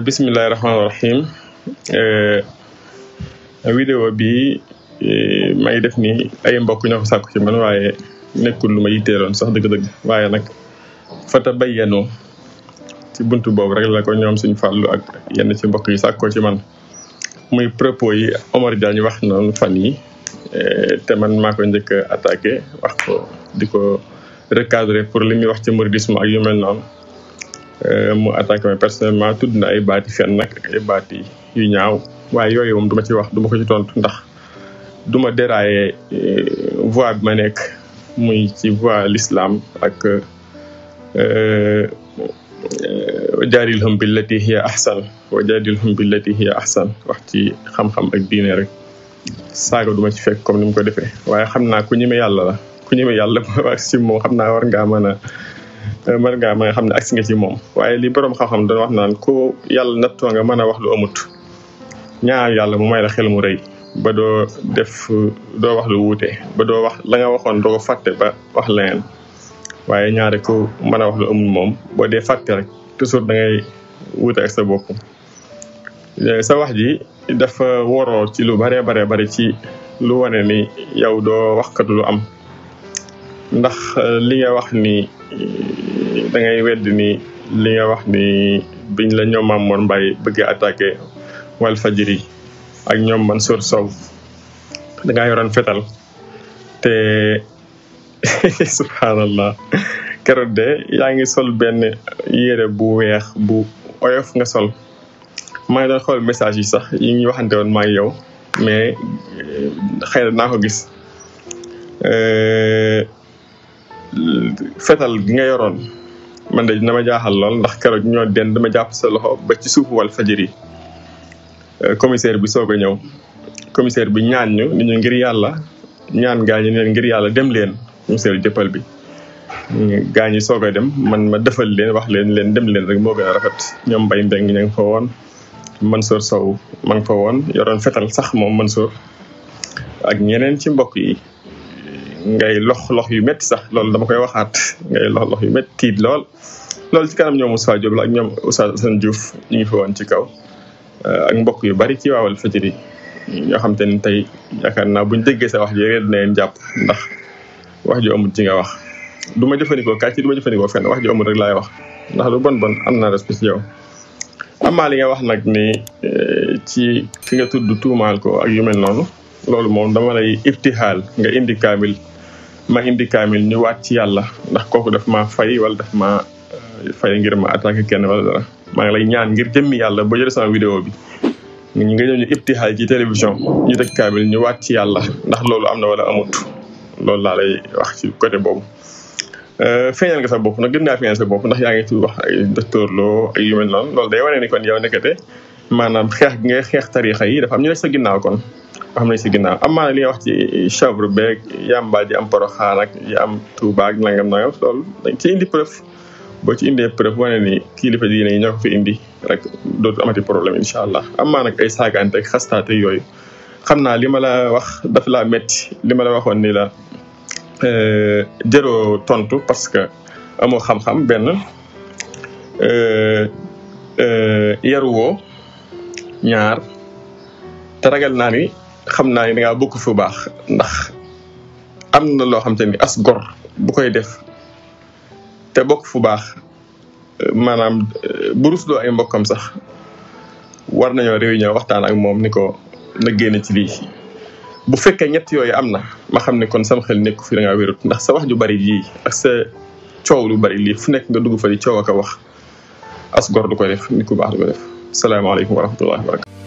bismillahi rahmaani rahim eh, vidéo bi eh, may def ni ay mbokk ñoo ko sàkku ci man waaye nekkul lu ma yitteeloon sax dëgg-dëgg waaye nag fata bayyano ci bunt boobu rek la ko ñoom suñ fàllu ak yenn ci mbokk yi sàkkoo ci man muy propos yi Omar Diagne wax noonu fan yi eh, te man maa ko njëkk a wax ko di ko recadrer pour li muy wax ci mouridisme ak yu mel noonu Euh, mu attaqué ma personnellement tudd na ay baati fen nag ay baati yu ñaaw waaye yooyu moom duma ma ci wax du ma ko ci tontu ndax duma ma déraillé euh, voie ma nekk muy ci voie l'islam ak euh, jaadilhum billati hiya ahsan wa jaadilhum billati hiya ahsan wax ci xam-xam ak diine rek saaga du ma ci fekk comme ni mu ko defee waaye xam naa ku ñeme yàlla la ku ñeme yàlla wax xam naa war ngaa mën mën ngaa ma nga xam ne agsi nga ci moom waaye li borom xam-xam doon wax naan ku yàlla nattoo nga mën a wax lu amut ñaar yàlla mu may la xel mu rëy ba doo def doo wax lu wuute ba doo wax la nga waxoon doo ko fàtte ba wax leneen waaye ñaare ku mën a wax lu amul moom boo dee fàtte rek toujours da ngay wuute ak sa bopp eh, sa wax ji dafa woroo ci lu bare bare bare ci lu wane ni yow doo kat lu am ndax euh, li nga wax ni euh, da ngay wedd ni li nga wax ni biñ la ñoom Mamour Mbaye bëgg attaqué Walfadjri ak ñoom Mansour Sow danga ngaa yoroon fetal te subhanallah keroog de yaa ngi sol benn yére bu weex bu oyof nga sol maa ngi doon xool message yi sax yi ñu waxante woon maa yow mais euh, xëy na naa ko gis fetal gi nga yoroon man de dina ma jaaxal lool ndax keroog ñoo den dama jàpp sa loxo ba ci suufu wal fajar yi euh, commissaire bi soog a ñëw commissaire bi ñaan ñu ni ñu ngir yàlla ñaan gaa ñi leen ngir yàlla dem leen commissaire jëppal bi gaa ñi soog dem man ma defal leen wax leen leen dem leen rek moo gën a rafet ñoom mbay mbeng ña nga fa woon Mansour Sow ma nga fa woon yoroon fetal sax moom man Mansour ak ñeneen ci mbokk yi ngay lox lox yu métti sax loolu dama koy waxaat ngay lox lox yu métti tiit lool. loolu ci kanam ñoom Moussa Diop la ak ñoom Oustaz Assane Diouf ñu ngi fi ci kaw eh, ak mbokk yu bari ci waawal fajiri ñoo xam te ni tey yaakaar naa buñ déggee sa wax ji réer na leen jàpp ndax wax ji amul ci nga wax. duma ma jëfandikoo kàcc du ma jëfandikoo fenn wax ji amul rek laay wax ndax lu bon bon am naa respect yow. amaa li nga wax nag ni eh, ci fi nga tudd tuumaal ko ak yu mel noonu loolu moom da lay ibtixaal nga indi kaamil ma indi kaamil ñu wàcc ci yàlla ndax kooku daf ma fay wala daf ma euh, fay ngir ma attaqué kenn wala dara maa ngi lay ñaan ngir jëmmi yàlla ba jël sama vidéo bi ñu nga ñëw ñu ibtixaay ci télévision ñu teg kaamil ñu wàcc ci yàlla ndax loolu am na wala amut loolu laa lay wax ci côté boobu euh, feeñal nga sa bopp nag gën a feeñal sa bopp ndax yaa ngi ci wax ay loo ak yu mel noonu loolu day wane ni kon yow nekkate maanaam xeex gi ngay xeex tarixa yi dafa am ñu ne sa ginnaaw kon xam nañ si ginnaaw am naa li nga wax ci chavre beeg yamba ji am poro ak yi am Touba ak nangam nangam loolu dañ ci indi preuve boo ci indee preuve wane ni kilifa diine yi ñoo ko fi indi rek dootu problème incha allah am naa nag ay saagaante ak yooyu xam naa li ma la wax daf laa métti li ma la waxoon ni la euh, jëroo tontu parce que amoo xam-xam benn euh, euh, yaruwoo ñaar te ragal naa ni xam naa ni dangaa bokk fu baax ndax am na loo xam te as gor bu koy def te bokk fu baax maanaam bu rusloo ay mbokkam sax war nañoo réunion waxtaan ak moom ni ko na génn ci lii bu fekkee ñett yooyu am na ma xam ne kon sama xel nekku fi da ngaa ndax sa wax ju bari yii ak coow lu bari lii fu nekk nga dugg fa di coow ak a wax as gor du ko def nit ku baax du def السلام عليكم ورحمه الله وبركاته